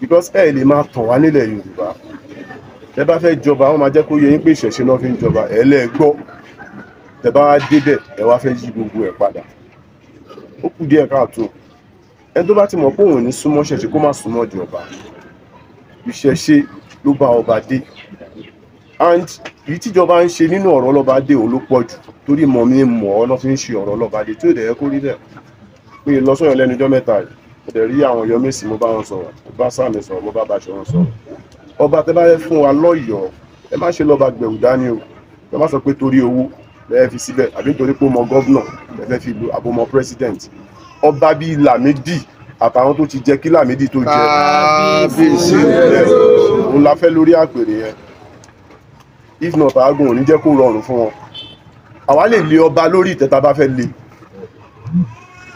because ẹ lè máa tàn wá nílẹ̀ yorùbá tẹ bá fẹ́ jọba wọ́n máa jẹ́ kó yẹ yín pé ìṣẹ̀ṣe náà fi ń jọba ẹ lẹ́ẹ̀ gbọ́ tẹ bá wá débẹ̀ ẹ wá fẹ́ yí gbogbo ẹ̀ padà ó kù díẹ̀ káàtó ẹni tó bá ti mọ̀ pé òun ní súnmọ́ ṣẹ̀ṣe kó má súnmọ́ di ọba ìṣẹ̀ṣe ló bá ọba dé and èyí tíjọba ń ṣe nínú ọ̀rọ̀ ọlọ́ba dé òun ló pọ̀ jù torí mọ̀ mi mọ̀ ọ́ lọ́ fi ń ṣe ọ̀rọ̀ ọlọ́ba dé tí ò dẹ̀ yẹ kó rí bẹ́ẹ̀ pé lọ́sọ̀yọ̀ lẹ́nu ọjọ́ mẹ́ta yìí ẹ̀dẹ̀ rí àwọn yọmísì mo bá wọn sọ̀rọ̀ mo bá sàmì sọ̀rọ̀ mo bá bàṣọ wọn sọ̀rọ̀ ọba tẹ bá yẹ fún wa lọ́yọ̀ọ́ ẹ má ṣe lọ́ba gbẹ̀rù dání o ẹ má sọ pé torí owó lẹ́ẹ̀ fi síbẹ̀ àbí nítorí pé ọmọ gọ́vnà lẹ́ẹ̀ fẹ́ fi lu àbọ̀mọ pírẹ́sìdẹ̀ǹtì ọba bíi làmídì àtàwọn tó ti jẹ kí làmídì tó jẹ kábíyèsí rẹ òun la fẹ́ lórí àpèrè yẹn if not àágùn ò ní jẹ́ kó rọrùn fún wọn àwa lè lé ọba lórí ìtẹ́ta bá fẹ́ lé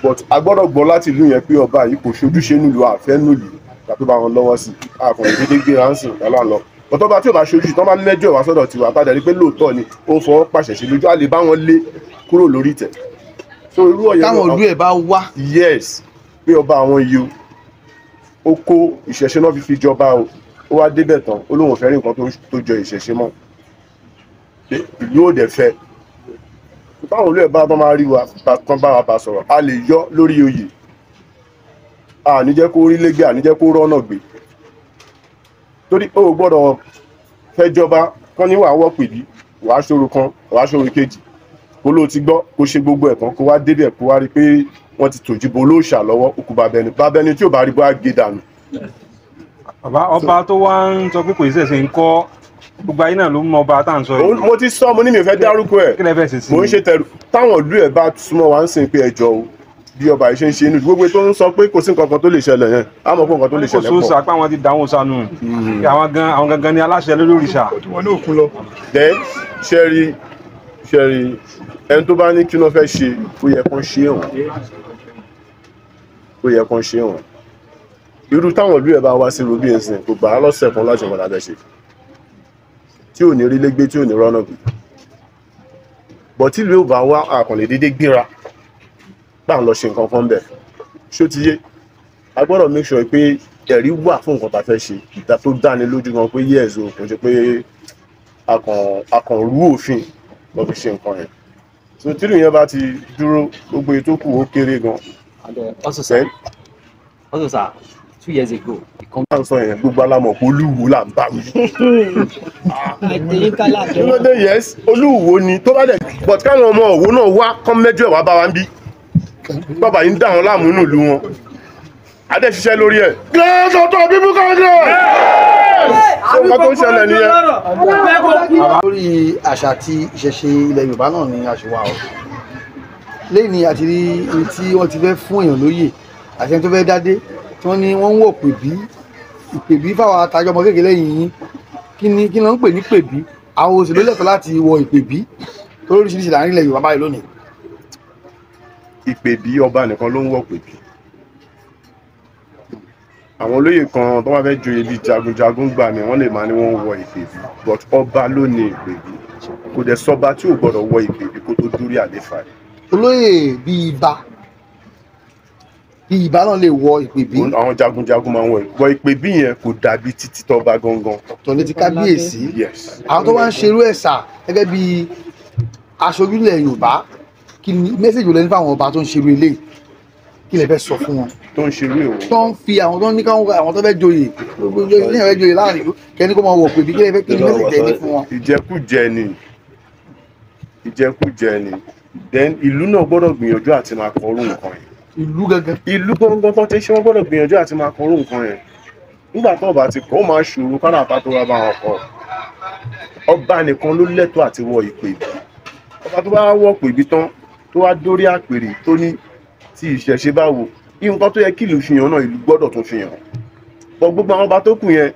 but a gbọ́dọ̀ gbọ́ láti ìlú yẹn pé ọba yìí kò ṣojúṣe nílùú àfẹ́ nílùú tàbí bá wọn lọ́wọ́ sí i àkànlò dédé gbé ránṣẹ́ ìtàlá lọ bọ́tọ́ bá tí ò bá ṣojú tí wọ́n bá mẹ́jọ ìwà sọ́dọ̀ tiwa padà rí pé lóòótọ́ ni ó ń fọwọ́ pàṣẹ sí lójú àlè bá wọn lé kúrò lórí ìtẹ̀. so irú ọ̀yẹ́ táwọn olú ẹ̀ bá wá. yes pé ọba àwọn yìí ó kó ìṣẹ̀ṣe náà fi fi jọba o ó wá débẹ̀ tán ó lóun fẹ́ rí nǹkan tó jọ ìṣẹ̀ṣe mọ́ ìlú òde fẹ́ báwo ló ẹ̀ bá bá máa rí wa kan bá wa bá sọ̀rọ̀ a lè yọ lórí oyè àníjẹ́ kó rí légé àníjẹ́ kó rọ́nà gbé torí o gbọ́dọ̀ fẹ́ jọba kán ní wàá wọ́pẹ̀ bí wàá ṣòro kan wàá ṣòro kejì kó ló ti gbọ́ kó ṣe gbogbo ẹ̀kan kó wá débẹ̀ kó wá rí pé wọ́n ti tòjú bo olóòṣà lọ́wọ́ òkú babẹni babẹni tí ò bá rí bó a gé dànù. bàbá ọba tó wá ń sọ pé kò ṣẹ̀ṣẹ̀ ń kọ́ gbogbo ayé náà ló mọ ọba tá à ń sọ yìí. mo ti sọ mo ní mi fẹ́ dárúkọ ẹ̀ mo ń ṣe tẹ̀lú táwọn ìlú ẹ̀ bá súnmọ́ wa ń sìn pé ẹjọ́ o bí ọba yìí ṣe ń ṣe inú gbogbo tó ń sọ pé kò sí nǹkan kan tó lè ṣẹlẹ̀ yẹn á mọ̀ pé nǹkan tó lè ṣẹlẹ̀ pọ̀. kò sóòsà pé àwọn ti dáwọ́ sanu mhm. àwọn gan àwọn gangan ni aláṣẹ lórí ìṣà. wọn ní òkun lọ. then ṣẹ́rí ṣẹ́rí ẹni tó bá ní kí ló fẹ́ ṣe ó yẹ kán ṣe hàn ó yẹ kán ṣe hàn irú táwọn ìlú ẹ̀ bá wá sí rubí kò gbà á lọ́sẹ̀ kan láti wọn ṣe tí ò ní rílé gbé tí ò ní rọ́nà gbé bọ̀ tí ìlú bá wá àkànlè déédéé gbéra bá ń lọ ṣe nǹkan kan bẹ̀ ṣó ti yé a gbọ́dọ̀ make sure pé ẹ̀rí wà fún nǹkan tá a fẹ́ ṣe ìta tó dáni lójú gan pé yes o kò ṣe pé a kàn rú òfin lọ fi ṣe nǹkan yẹn so tírù yẹn bá ti dúró gbogbo ètò kù ó kéré gan. ọ̀sùn sá ọ̀sùn sá two years ago. ìkànnì sọ yẹn gbogbo alamọ pé olúwo là ń bá yes olúwo ni but káwọn ọmọ òwò náà wá kán mẹ́jọ ẹ̀ wá bá wa ń bí bàbá yìí ń dà wọn láàmú nùlú wọn adé ṣiṣẹ́ lórí ẹ̀. glace ìṣẹ̀ṣe ilẹ̀ yorùbá náà ni a ṣe wà ọ́ lẹ́yìn àti tí wọ́n ti fẹ́ fún èèyàn lóyè àti ẹni tó fẹ́ dádé tí wọ́n ní wọ́n ń wò pèbí ìpèbí fáwọn atajọ́ ọmọ kékeré yìnyín kí ni kí ni wọ́n ń pè ní pèbí àwọn òṣèlú lẹ́tọ̀ọ́ láti wọ ìpèbí tó lóríṣiríṣi láàrin ilẹ̀ Yorùbá báyìí lónìí. ìpèbí ọba nìkan ló ń wọ pèbí àwọn olóyè kan tó bá fẹ́ joyè bíi jagunjagun gbà mí wọ́n lè máa ní wọ́n wọ ìpèbí but ọba ló ní ìpèbí kò dẹ̀ sọ́ba tí ò gbọ́dọ̀ wọ ìpèbí kó tó dórí àléfà olóyè bíi ibà ìbá náà lè wọ ìpèbí. àwọn jagunjagun máa ń wọ ìwọ ìpèbí yẹn kò dàbí títí tọba gangan. tòní ti kábíyèsí àwọn tó wá ń ṣerú ẹ̀sà gẹ́gẹ́ bí aṣojú ilẹ̀ yorùbá kí ni mẹ́sẹ̀jì olóyún fún àwọn ọba tó ń ṣerú eléyìí kí lè fẹ́ sọ fún wọn. tó ń ṣerú èwo. tó ń fi àwọn tó ń ní káwọn àwọn tó fẹ́ joyè ní ẹ̀rẹ́ joyè láàrin ìlú kẹ́ni kó máa wọ̀ pèbí kí lè fẹ́ kí ni mẹ́sẹ̀jì ẹni fún then ìlú náà gbọ́dọ̀ gbìyànjú àti máa kọrú nǹkan yìí ìlú gangan. ìlú gangan tó ti ṣe wọ́n gbọ́dọ̀ gbìyànjú àti máa kọrú nǹkan yẹn nígbà tó ọba ti kọ́ ó máa ṣòro káràpá tó ra bá wọn kọ́ ọba nìkan ló lẹ́tọ̀ọ́ àti wọ ìpè ọba tó bá wọ̀ pè bí tán tó wá dórí àpèrè tó ní tí ìṣẹ̀ṣe bá wò nǹkan tó yẹ kí ìlú fihàn náà ìlú gbọ́dọ̀ tún fihàn gbogbo àwọn ọba tó kù yẹn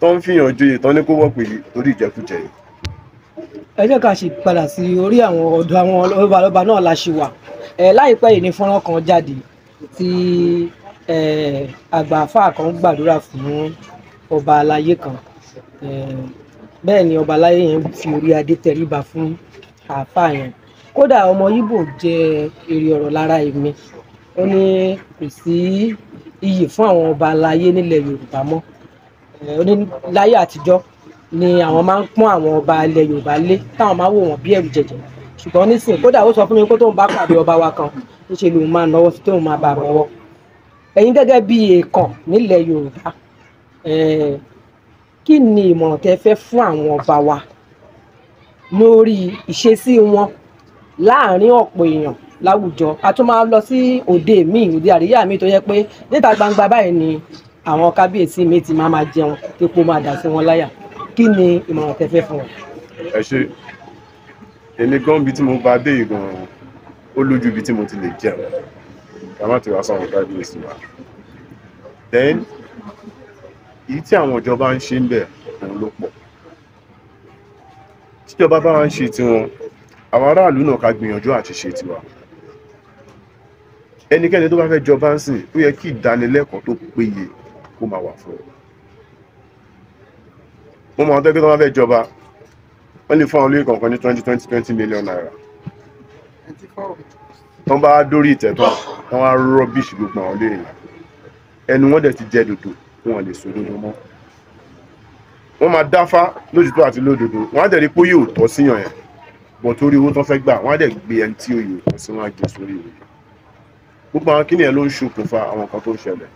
tó ń fihàn joyè tán ní kó wọ̀ pè torí ìjẹkújẹ yìí ẹ jẹ́ ká sì padà sí orí àwọn ọ̀dọ̀ àwọn lọ́balọ́ba náà la ṣì wà láìpẹ́ yìí ni fọ́nrán kan jáde tí àgbà àfáà kan gbàdúrà fún ọba aláyé kan bẹ́ẹ̀ ni ọba aláyé yẹn fi orí adé tẹríba fún àfáà yẹn kódà ọmọ Yíbò jẹ èrè ọ̀rọ̀ lára èmi ó ní kò sí iyì fún àwọn ọba aláyé nílẹ̀ Yorùbá mọ́ ó ní láyé àtijọ́ ni àwọn máa ń pọ́n àwọn ọba ilẹ̀ Yorùbá lé táwọn máa wò wọ́n bí ẹ̀rù jẹjẹ ṣùgbọ́n nísìnyí kódà ó sọ fún mi pé tóun bá pàdé ọba wa kan níṣẹ́ lòun máa náwó sí tóun máa bá àbọ̀wọ́ ẹ̀yin gẹ́gẹ́ bí èèkàn nílẹ̀ Yorùbá eh, kí ni ìmọ̀ràn tẹ́ fẹ́ fún àwọn ọba wa lórí ìṣesí wọn láàárín ọ̀pọ̀ èèyàn láwùjọ a tún máa lọ sí òde míì òde àríyá mi tó yẹ pé níta gbangba báyìí ni àwọn kábíyèsí mi ti máa máa jẹun epo máa dà sí wọn láyà kí ni ìmọ̀ràn tẹ́ fẹ́ fún wa. ẹ ṣe èmi gan ibi tí mo bá dé yìí gan ó lójú ibi tí mo ti lè jẹun ká má ti wá sáwọn wa then èyí tí àwọn ìjọba ń ṣe ń bẹ̀ òun ló pọ̀ tíjọba bá wa ń ṣe tiwọn àwọn aráàlú náà ká gbìyànjú àti ṣe tiwa ẹnikẹ́ni tó bá fẹ́ jọba ń sìn ó yẹ kí ìdánilẹ́kọ̀ọ́ tó péye kó máa wà fún ọ wọ́n máa tẹ́kẹ́ tó máa fẹ́ jọba wọ́n lè fún àwọn olóyè kọ̀ọ̀kan ní twenty twenty twenty million naira tó ń bá dórí ìtẹ́ tán tó wọ́n á rọ́bìṣì gbogbo àwọn olóyè yẹn ẹnu wọn dẹ̀ ti jẹ dòdò wọn lè sòdodo mọ́ wọ́n máa dáfá lójútó àti lódodo wọ́n á dẹ̀ rí pé yóò tọ́ síyàn yẹn bọ̀ torí owó tó fẹ́ gbà wọ́n á dẹ̀ gbé ẹni tí yóò tọ́ sí wọn á gé e sórí ìwé gbogbo àwọn kíni ẹ̀ ló ń ṣokùnfà àwọn kan tó ń ṣẹlẹ̀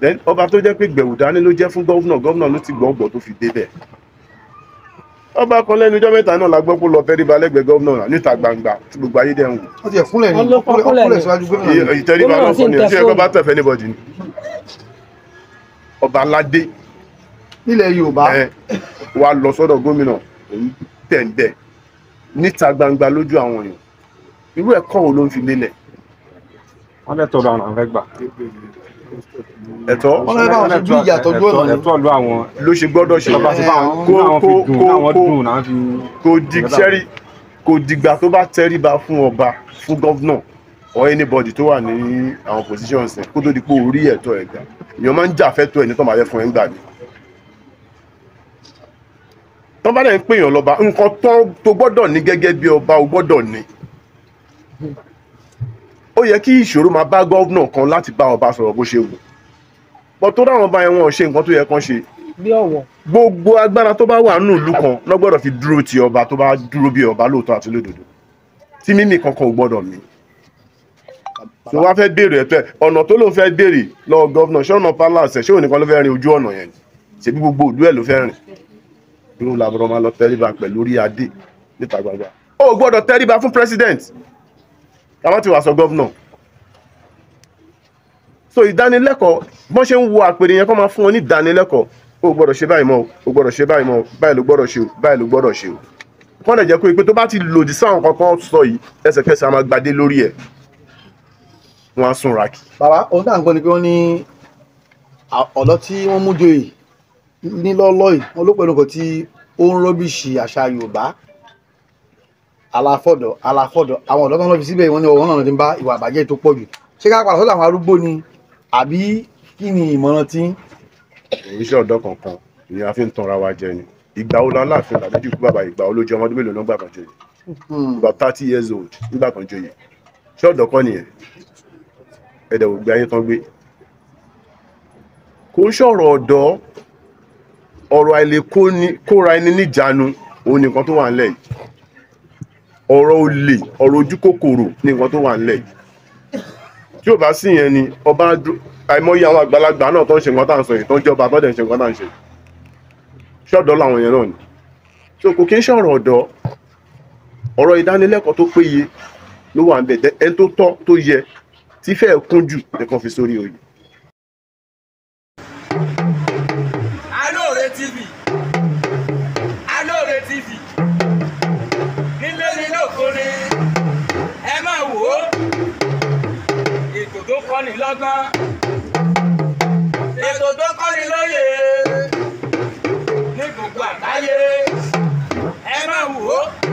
then ọba tó jẹ́ pé gbẹ̀wò dání ló jẹ́ fún gọ́vnà gọ́vnà ló ti gbọ́ngbọ̀n tó fi débẹ̀ ọba kan lẹ́nu ọjọ́ mẹ́ta náà la gbọ́ pé lọ fẹ́rí ba lẹ́gbẹ̀ẹ́ gọ́vnà níta gbangba tí gbogbo ayé dẹ̀ ń wò. ó ti ẹ̀ kúnlẹ̀ ní ọkùnlẹ̀ síwájú gómìnà. ìtẹríba náà fún ni tí ẹgbẹ́ bá tẹ̀fẹ́ níbọ̀dì ni ọba aládé nílẹ̀ yorùbá wa lọ sọ́dọ̀ gómìnà òun tẹ̀ ń bẹ̀ níta gbangba lójú àwọn èèyàn irú ẹ̀kọ́ wo ló ń fi lélẹ̀ wọ́n lẹ́tọ̀ lu àwọn fẹ́ gbà. ẹ̀tọ́ wọ́n lẹ́tọ̀ àwọn ẹ̀tọ́ ìyàtọ̀ dúró náà ni ẹ̀tọ́ lu àwọn ló ṣe gbọ́dọ̀ ṣe kó kó kó kó di sẹ́rí kò dìgbà tó bá tẹríba fún ọba fún gọ́vnà or anybody tó wà ní àwọn positions kó tó di pé orí ẹ̀tọ́ ẹ̀ gbà èèyàn máa ń jà fẹ́tọ́ ẹ̀ ní tọ́mọ̀ ayẹ́ fún ẹ̀ ń gbà ni tọ́ bá dẹ̀ ń pèèyàn lọ́ba nǹkan tó gbọ́dọ̀ ní gẹ́gẹ́ bí ọba o gbọ́dọ̀ ní ó yẹ kí ìṣòro máa bá gọ́vnà kan láti bá ọba sọ̀rọ̀ bó ṣe wù bọ́ tó dáwọn ọba yẹn wọn ṣe nǹkan tó yẹ kán ṣe gbogbo agbára tó bá wà nínú ìlú kan ló gbọ́dọ̀ fi dúró ti ọba tó bá dúró bí ọba lóòótọ́ àti lódodo tí mímì kankan ò gbọ́dọ̀ mí tó wá fẹ́ béèrè ẹ̀tọ́ ẹ̀ ọ̀nà tó ló fẹ́ béèrè lọ́wọ́ gọ́vnà ṣé ọ̀nà palace ṣé òní kan ló fẹ́ rin ojú ọ̀nà yẹn ṣebí gbogbo ìlú ẹ̀ ló fẹ́ rìn irú làbọ̀rọ̀ máa lọ tẹríba pẹ̀lú orí adé níta gbangba ó gbọ́dọ̀ tẹríba fún president àwọn ti wà sọ gọ́vnà so ìdánilẹ́kọ̀ọ́ bọ́n ṣe ń wo àpèrè yẹn kọ́ máa fún wọn ní ìdánilẹ́kọ̀ọ́ o gbọ́dọ̀ ṣe báyìí mọ́ o gbọ́dọ̀ ṣe báyìí mọ́ báyìí ló gbọ́dọ̀ ṣe o báyìí ló gbọ́dọ̀ ṣe o kọ́n lè jẹ́ pé tó bá ti lòdì sáwọn kankan sọ yìí ẹsẹ̀kẹsẹ̀ a máa gbadé lórí ẹ̀ wọ́n á sunra kì. bàbá ohun tá à ń gbọ́ ni pé wọ́n ní ọ̀dọ́ tí wọ́n mú joyè nílọ́lọ́ yìí wọ́n ló pẹ̀lú nǹkan tí ó ń rọ́bìṣì àṣà Yorùbá aláfọ̀dọ̀ aláfọ̀dọ̀ àwọn ọ̀dọ́ máa ń lọ fi síbẹ̀ wọ́n ní ọ̀wọ́n náà ti ń bá ìwà àbàjẹ́ tó pọ̀ jù ṣé ká padà sọ́dọ̀ àwọn arúgbó ni àbí kí ni ìmọ̀ràn tí. iṣẹ́ ọ̀dọ́ kankan ni a fi ń tanra wa jẹ ni ìgbà wo lọ́la àfihàn làbídì kú bàbá ìgbà wo ló jẹ ọmọdún mélòó ló ń gbà kan hmm. ìgbà thirty years old nígbà kan joyè ṣé ọ̀dọ́ kọ́ nìyẹn ẹ̀dẹ̀ ò gbé ayé tán gbé kò ń ṣọ̀rọ̀ ọ̀dọ́ ọ̀rọ̀ àìlè ọ̀rọ̀ olè ọ̀rọ̀ ojú kòkòrò ní nǹkan tó wà nílẹ̀ yìí tí ò bá sí yẹn ni ọba àìmọye àwọn àgbàlagbà náà tó ń ṣe nǹkan tá à ń sọ yìí tó ń jọba tó dẹ̀ ń ṣe nǹkan tá à ń ṣe ṣọ́ọ̀dọ́ làwọn yẹn náà ni so kò kí ń ṣọ̀rọ̀ ọ̀dọ́ ọ̀rọ̀ ìdánilẹ́kọ̀ọ́ tó péye ló wà ń bẹ̀ ẹni tó tọ́ tó yẹ tí fẹ́ẹ̀ kúnjù nìkan fi sórí oyè ọba. ètò tó kọ́ni lóye ní gbogbo àgbáyé ẹ máa wò ó.